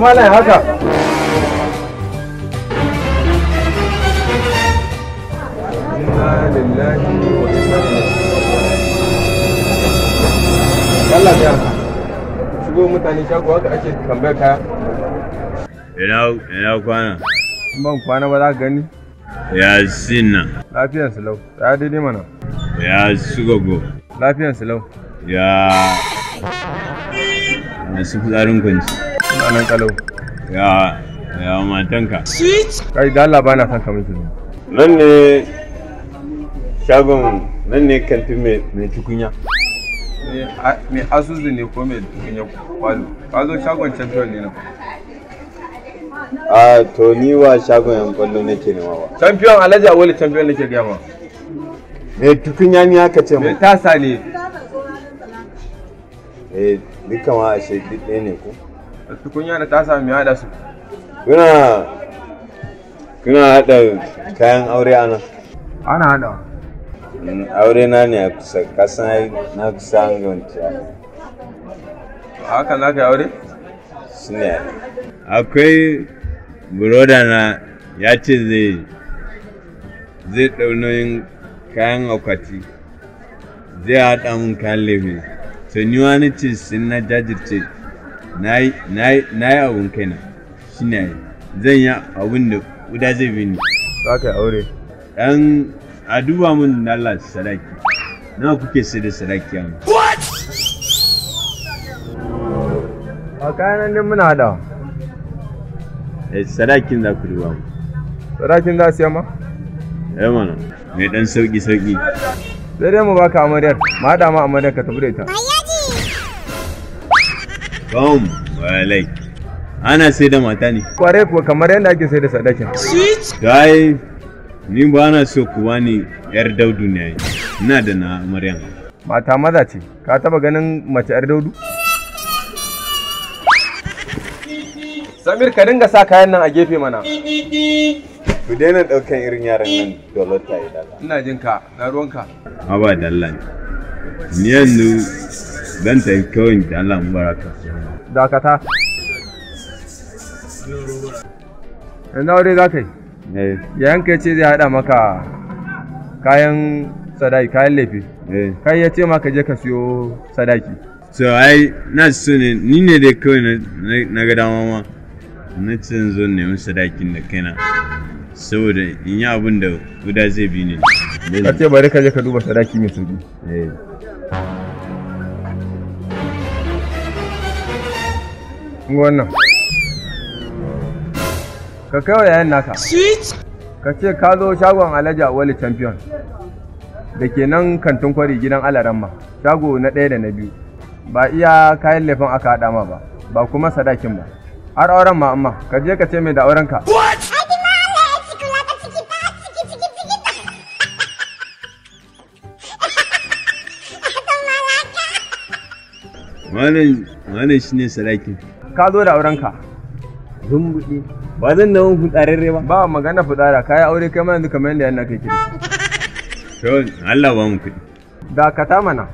malam haka Allah ya shigo mutane shago haka ake tambayar kaya. Ina ina kwana. Ban kwana ba za ka gani. Ya sinna. Lafiyan silau. Ya daidai mana. Ya sugogo. Lafiyan silau. Ya masu fitsarin kwanci. anan kalau ya ya matanka switch kai da Allah bana son ka miki nan ne shagon nan ne kantin mai mai tukunya eh, mai asusu ne ko mai tukunya kwalo kwalo shagon champion ne na a ah, to ni wa shagon yan kwallo nake nema ba champion alhaji awali champion nake gaya ma mai tukunya ni aka ce mu tasa ne eh duka ma a duk ɗaya ne ko tukunya da tasa mai haɗa su kuna kuna haɗa kayan aure ana? ana haɗa mm, aure na ne a kusa kasan na kusa an ganta haka za ka yi aure su ne akwai buroda na ya ce zai zai ɗaunoyin kayan akwati zai haɗa mun kayan lefe to ni wani ce sun na jajirce na yi abun kaina shi ne zan yi abun da guda zai bi ni za ka aure dan a duba min na Allah sadaki na kuke sai da sadaki a what a kayan nan muna da eh, sadakin za ku duba mu sadakin za su yamma eh mana mai dan sauki sauki sai dai mu baka amaryar ma dama ma amaryar ka tafi da ita kom walai. Ana sai da mata ne. Kware kuwa kamar yadda ake sai da sadakin. Sweet. Kai, ni ba na so ku ni yar daudu ne. Ina da na Maryam. Mata maza ce, ka taba ganin mace yar daudu? Samir ka dinga sa kayan nan a gefe mana. Ku daina daukan irin yaran nan dollar ta yi Ina jin ka, na ruwanka. Haba dalla. Ni yanzu zan ta yi kawai da Allah baraka. Dakata. Yanzu aure za ka yi? Eh. Yayan ka ce zai haɗa maka kayan sadaki, kayan laifi. Eh. Kai ya ce maka je ka siyo sadaki. So ai na so ne ni ne da kawai na ga dama ma. Na ce zo nemi sadakin da kaina. Saboda in yi abin da guda zai bi ne. Ka ce bari ka je ka duba sadaki mai sauki. Eh. wannan ka kai wa yayan naka ka ce ka zo shagon alhaji wali champion da ke nan kantin kwari gidan alaramma shago na ɗaya da na biyu ba iya kayan laifin aka haɗa ma ba ba kuma sadakin ba har auren ma amma ka je ka ce mai da aurenka Wannan shi ne sadakin. ka zo da aurenka zumbuɗi ba zan da wani fitsararre ba ba magana fitsara kayi aure kai mana yanzu kamar yadda yana kai kiri to Allah ba mu kuɗi da ka ta mana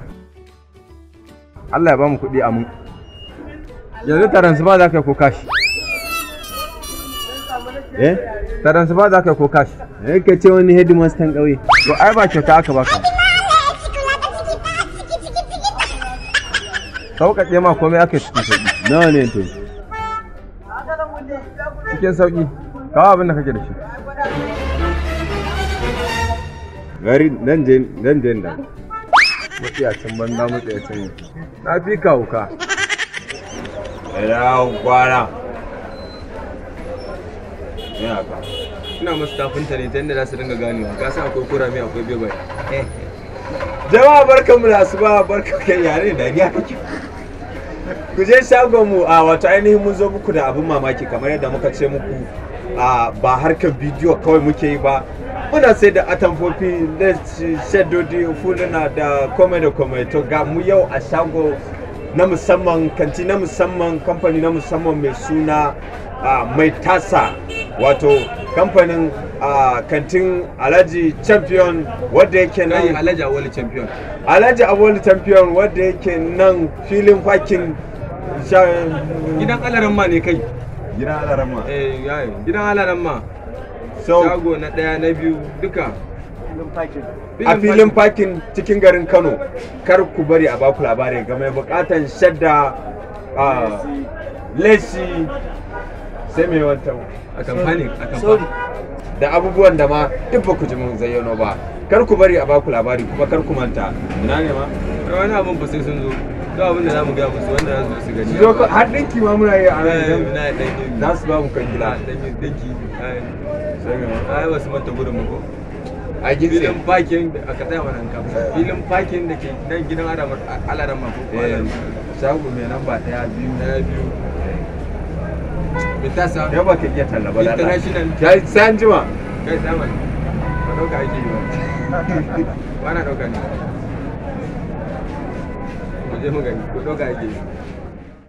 Allah ya ba mu kuɗi a mun yanzu ba za ka yi ko kashi eh ba za ka yi ko kashi eh ka ce wani headmaster ƙauye to ai ba kyauta aka ba ka. sauƙaƙe ma komai aka yi cikin sauƙi nawa ne to cikin sauki kawo abin da kake da shi gari nan je nan je da matsiyacin can matsiyacin na fi kawuka ina kwana ya ka ina masu tafinta ne ta yadda za su dinga ganewa ka san akwai mai akwai bebai jama'a mu da asuba barkan yare da ni kake ku je mu a wato ainihin mun zo muku da abin mamaki kamar yadda muka ce muku ba harkar bidiyo kawai muke yi ba muna sai da atamfofi da shaddodi fuluna da komai da komai to ga mu yau a shago na musamman kanti na musamman kamfani na musamman mai suna mai tasa wato kamfanin a kantin alhaji champion wadda yake nan alhaji awali champion alhaji awali champion wadda yake nan filin fakin gidan ma ne kai gidan ma eh gidan alaramma shago na daya na biyu duka a filin fakin cikin garin kano kar ku bari a baku labarin game bukatan shadda lesi sai mai wata a kamfani a kamfani da abubuwan da ma duk ba ku ji mun zayyano ba kar ku bari a baku labari kuma kar ku manta ina ne ma wani abin ba sai sun zo ga abin da zamu gaya musu wanda zasu su gani zo har dinki ma muna yi a nan eh, za su ba mu kan gida dinki ai wasu manta gurin mu ko a filin fakin da aka tsaya nan kan filin fakin da ke nan gidan alamar alaran mako eh, shago mai namba ɗaya biyu daya biyu Me tasa? Ya ba ka iya talla ba lalla. International. jima. Kai sai Ba dauka ake yi ba. Ba na dauka ne. je mu gani ko dauka ake yi.